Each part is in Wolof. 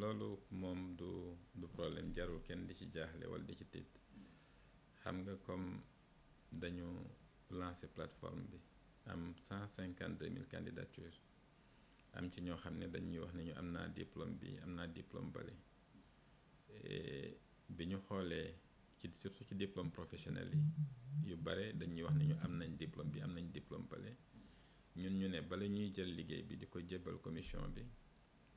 loolu moom du du problème jarul kenn di ci jaaxle wala di ci tiit xam nga comme dañu lancer plateforme bi am cent cinquante deux mille candidatures am ci ñoo xam ne dañuy wax nañu am naa diplôme bi am naa diplôme bale bi ñu xoolee ci surtout ci diplôme professionnel yi yu bare dañuy wax ne am nañ diplôme bi am nañ diplôme bale ñun ñu ne bala ñuy jël liggéey bi di ko jébbal commission bi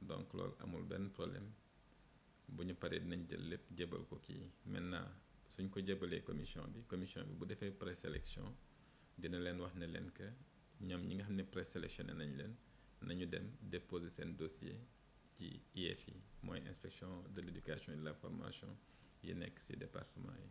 donc loolu amul ben problème bu ñu paree dinañ jël lépp jébal ko kii maintenant suñ ko jébalee commission bi commission bi bu defee présélection dina leen wax ne leen que ñoom ñi nga xam ne présélectionné nañ leen nañu dem déposer seen dossier ci IFI mooy inspection de l'éducation et de la formation yi nekk ci département yi